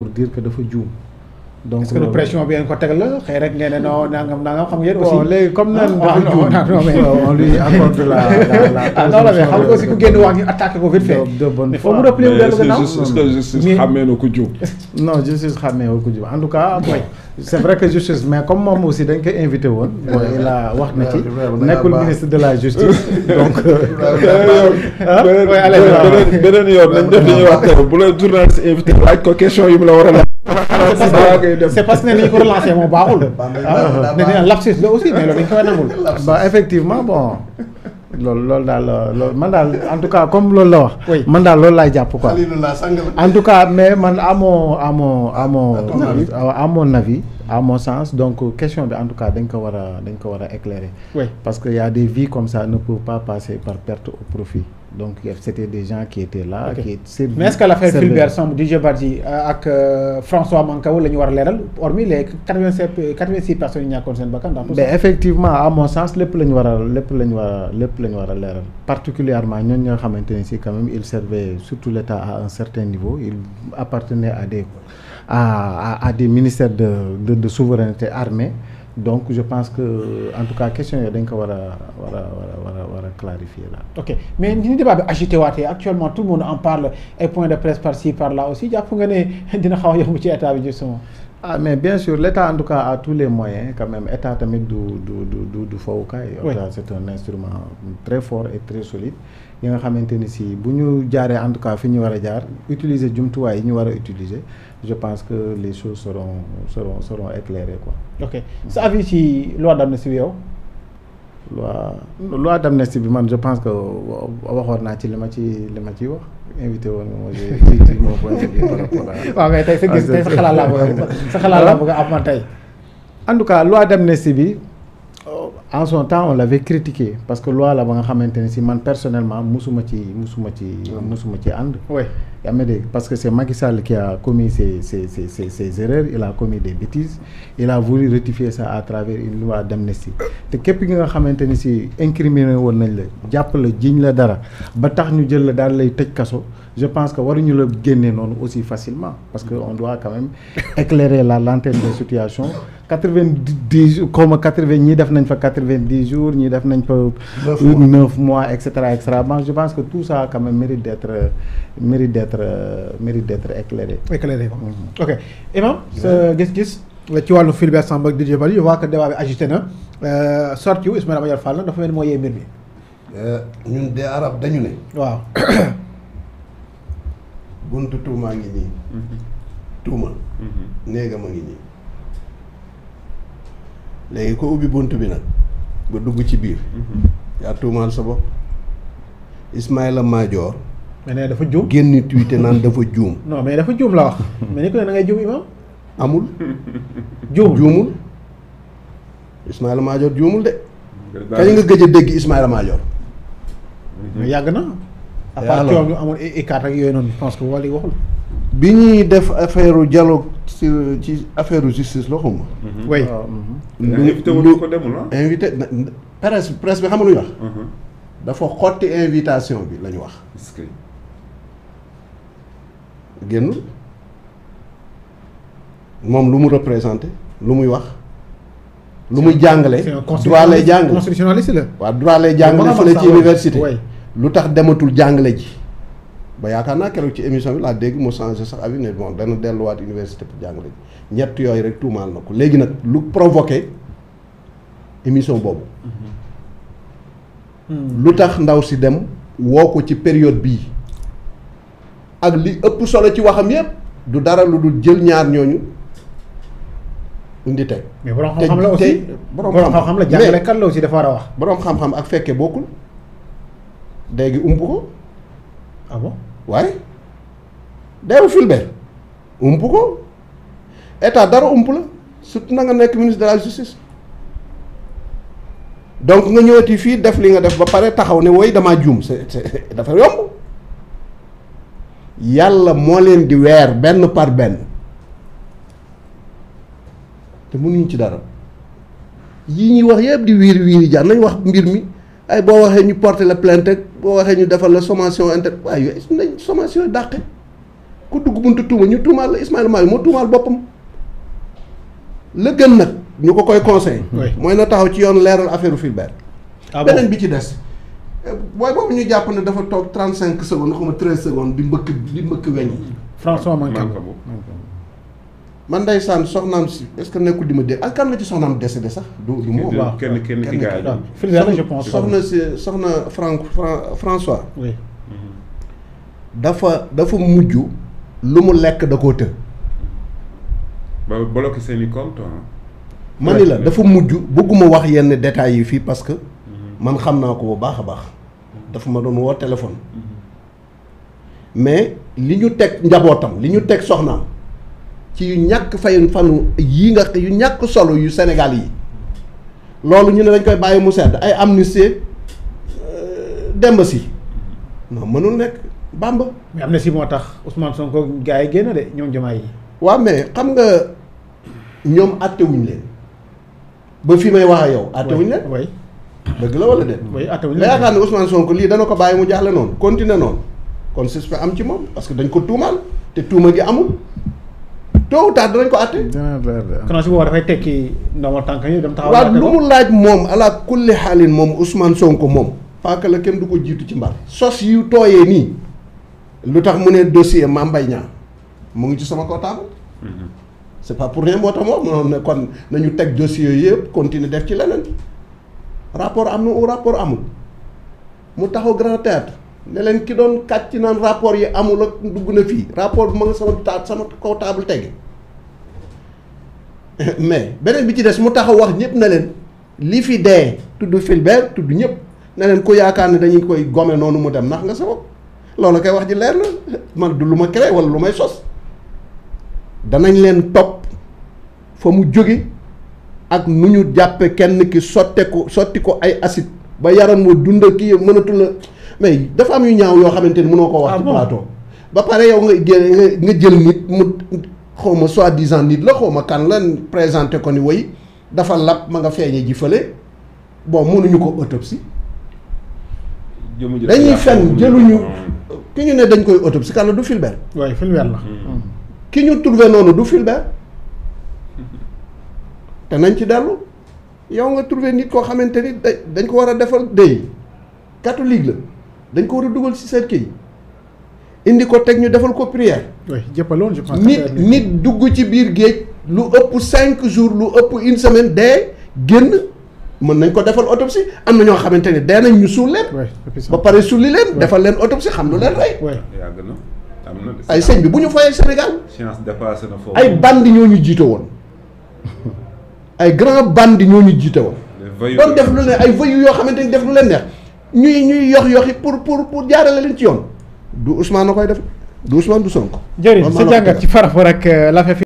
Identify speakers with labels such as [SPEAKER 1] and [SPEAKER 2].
[SPEAKER 1] pour dire que dafa juum donc est-ce que du euh, pression bi ngeen ko tegal la xëy rek ngeen ne non nangam nangam xam ngeen. aussi bon léegi comme ah, naan dafa juum non mais on lui accorde la la ah, non mais xam nga aussi ku génn wax ñu attaqué ko vite fait. de bonne fois mais est-ce que justice xàmmee na ku juum. non justice xàmmee na ku juum en tout cas mooy. c'est vrai que justice mais comme moom aussi dañ ko invité woon. mooy la wax na ci nekkul ministre de la justice. donc. beneen beneen yoon nañ def li ñuy wax bu la journaliste invité laaj ko question yu mu la war a laaj c'est parce que ne nañu ko relancé baaxul. Ah, ne lapsus la aussi loolu dañ koy nangul. ba effectivement bon. loolu loolu daal loolu man daal en tout cas comme loolu la wax. man daal loolu laay jàpp ko quoi. en tout cas mais man à amoo amoo mon à mon à mon avis sens donc question bi en tout cas dañ ko war a dañ ko war a éclairer. parce que y a des vies comme ça ne peuvent pas passer par perte au profit. donc c'était des gens qui étaient là. Okay. qui étaient mais est ce que l'affaire Fulbert euh, ak euh, François Mancabou la ñu war a leeral hormis les quatre vingt sept quatre vingt six personnes yi ñàkkoon seen bakkan. mais effectivement à mon sens lépp la ñu war a lépp la ñu war a lépp la ñu war a leeral. particulièrement ñooñu nga xamante ne si quand même il servait surtout l' état à un certain niveau il appartenait à des à à, à des de de de souveraineté armée. donc je pense que en tout cas question yooyu dañ ko war a war a war a war a clarifier là. ok mais ni débat bi agité waatee actuellement tout le monde en parle ay points de presse par ci par là aussi jàpp nga ne dina xaw a yomb ci état bi justement ah mais bien sûr l'État en tout les moyens quand même état tamit du du du du du fawukaay. oui c'est un instrument très nga xamante ni si bu ñu jaaree en tout cas fi ñu war a jaar utiliser jumtuwaay yi ñu war a utiliser. je pense que les choses seront seront seront éclairées quoi. ok sa avis ci loi d'amnistie bi yow. loi loi d'amnistie bi man je pense que waxoon naa ci li ma ci li ma ciy wax invité woon nga ma ci ci mon point de vue par rapport à. waaw mais tey sa gis laa ah, bëgg sa xalaat laa bëgg am man tey. en tout cas loi d'amnistie bi. en son temps on l'avait critiqué parce que loi la ba nga xamante ne si man personnellement mosuma ci musuma ci musuma ci mm. ànd yaa ngi dégg parce que c'est Macky Sall qui a commis ses ses ses ses ses erreurs il a commis des bêtises il a voulu rectifier ça à travers une loi d'amnistie te képp ki nga xamante ni si incriminé woon nañ la jàpp la jiñ la dara ba tax ñu jël la daal lay tëj kaso je pense que ñu la génne noonu aussi facilement parce que mm. on doit quand même la lanterne des quatre-vingt-dix jours xawma quatre-vingt ñii def nañ fa quatre-vingt-dix jours ñii def nañ fa neuf mois et cetera et cetera bon je pense que tout ça quand même mérite d'être mérite d'être mérite d'être éclairé éclairé mhm. ok imam sa gis-gis euh, ci wàllu Fulbert Sambou ak Didier Badji je vois que débat bi agité na
[SPEAKER 2] euh, sorti wu Ismaïla Madior Fall na dafa mel ni moo yee mbir mi euh, ñun de arab dañu ne waaw buntu tuumaa ngi nii mhm. tuuma mhm. néegam a ngi nii léegi ko ubbi bunt bi nag ba dugg ci biir mhm. yaa tuumaal sa bopp Ismaïla Madior mais nee dafa juum génn tuite naan dafa juum non mais dafa juum
[SPEAKER 1] la wax mais ni da ngay
[SPEAKER 2] juum imam amul juum juumul Ismaïla Madior juumul de kañ nga gëj a dégg Ismaïla Madior yàgg na à yu coow lu
[SPEAKER 1] amul écart ak yooyu noonu je pense que wala waxul
[SPEAKER 2] bi ñuy def affaire dialogue ci ci affaire justice la xaw ma. Mhm. oui. Ah,
[SPEAKER 1] mhm. invité wu ko ah?
[SPEAKER 2] bi xam nga lu ñu wax. Mhm. dafa xotti invitation bi la ñu wax. génn moom lu mu représenté lu muy wax. lu muy jàngale. droit lay jàngale constitutionnaliste la. waaw droit lay jàngale fële ci université. lu tax dematul jàngale ji. ba yaakaar naa keroog ci émission bi laa dégg mu changé sax avis ne bon dana delluwaat université pour jàngale ji ñett yooyu rek tuumaal na ko léegi nag lu provoqué émission boobu. Mm-hmm. lu tax ndaw si dem woo ko ci période bii ak li ëpp solo ci waxam yépp du dara lu dul jël ñaar ñooñu indi teg.
[SPEAKER 1] mais borom xam-xam la aussi borom
[SPEAKER 2] xam-xam la aussi dafa war a wax. borom xam-xam ak fekkee bokkul léegi ump ko ah waaye deewu Fulbert ump ko état dara ump la surtout na nga nekk ministre de la justice donc nga ñëwati fii def li nga def ba pare taxaw ne woy damaa juum c'est dafa yomb yàlla moo leen di weer benn par benn te mënuñ ci dara yi ñuy wax yëpp di wiir wiiri jaar nañ wax mbir mi ay boo waxee ñu porter la plainte ak boo waxee ñu defal la sommation inter waaye yooyu nañ sommation yi ku dugg buntu tuuma ñu tuumaal la Ismaïla Madior moo tuumaal boppam la gën nag ñu ko koy conseil mooy na taxaw ci yoon leeral affaire Fulbert ah beneen bi ci des booy boobu ñu jàpp ne dafa toog trente cinq secondes xuma treize secondes di mbëkk di mbëkk weñ yi François man ndeysaan soxnaam si est-ce que nekkul di ma dégg ak ah, kan la ci soxnaam décédé sax. du du moom waaw kenn kenn ci gars yi soxna si soxna Franck François. oui. dafa dafa mujj lu mu lekk da koo të. ba bloqué la dafa mujj bëgguma wax yenn détails yi fii parce que. Mhm. man xam naa ko bu baax a baax. dafa ma doon woo téléphone. Mhm. mais li ñu teg njabootam li ñu teg soxnaam. ci yu ñàkk fayun fanu yii nga yu ñàkk solo yu senegal yi loolu ñu ne dañ koy bàyyi mu sedd ay amnistie euh, demb si non mënul nekk bàmba. mais amnistie moo tax Ousmane Sonko gars yi génn de ñoom jamaay yi. waaw mais xam nga ñoom àttewuñ leen ba fi may wax ak yow. àttewuñ leen way la wala déet.
[SPEAKER 1] way àttewuñ leen mais yaakaar
[SPEAKER 2] ne Ousmane Sonko lii dana ko bàyyi mu jaaxle noonu continuer noonu kon suspect am ci moom parce que dañ ko tuumaal te tuuma gi amul. tôt ou tard danañ ko àtte. danañ ko àtte
[SPEAKER 1] kon su boobaa dafay tekki ndomal tànk yi dem taxaw. lu mu
[SPEAKER 2] laaj moom alaat kulli xaalin moom Ousmane Sonko moom. paaka la kenn du ko jiitu ci mbar. sos yu tooyee nii lu tax mu ne dossier Mame Mbaye Niang mu ngi ci sama portable. Mhm. c'est pas pour rien moo tax moom ne kon nañu teg dossier yooyu yëpp continuer def ci leneen rapport am na ou rapport amul mu taxaw grand théâtre ne leen ki doon kàcc naan rapport yi amul ak dugg na fii rapport bu ma nga sama ta sama kaw table tege mais beneen bi ci des mu taxaw wax ñëpp na leen li fi dee tudd Fulbert tudd ñëpp ne leen ku yaakaar ne dañu koy gome noonu mu dem nax nga sa bopp loolu koy wax ji leer na man du lu ma créé wala lu may sos danañ leen topp fa mu jóge ak nu ñu jàppe kenn ki sotte ko sotti ko ay acide ba yaram moo dund ki mënatul mais dafa am yu ñaaw yoo xamante ni mënoo ko wax ah ci plateau ba pare yow nga jël nga jël nit mu xaw ma soi-disant nit la xaw ma kan la présenté ko ni way dafa lab ma nga feeñe jifale bo bon mënuñu ko autopsie dañuy fen jëluñu ki ñu ne dañ koy autopsie kan la du Fulbert waaye Fulbert la ki ñu trouvé noonu du Fulbert te nañ ci dellu yow nga trouvé nit koo xamante ni dañ ko war a defal déy catholique la dañ ko war a dugal ci seen kii indi ko teg ñu defal ko prière. oui jëppaloon je pense nit nit dugg ci biir géej lu ëpp cinq jours lu ëpp une semaine dee génn mën nañ ko defal autopsie am na ñoo xamante ne dee nañ ñu suul leen. ba pare sulli leen. defal leen autopsie xam lu leen rey.
[SPEAKER 1] yàgg na am na ay sëñ bi bu ñu fayee Sénégal. science dépassé na foofu ay
[SPEAKER 2] bandi ñoo ñu jiite woon ay grand bandi ñoo ñu jiite woon. doon def lu ne ay voyous yoo xamante ni def lu leen neex. ñuy ñuy yox yoxi pour pour pour jaarale leen ci yoon du Ousmane a koy def du Ousmane du Sonko. jërëjëf sa jàngat ci
[SPEAKER 1] par rapport ak euh, l'affaire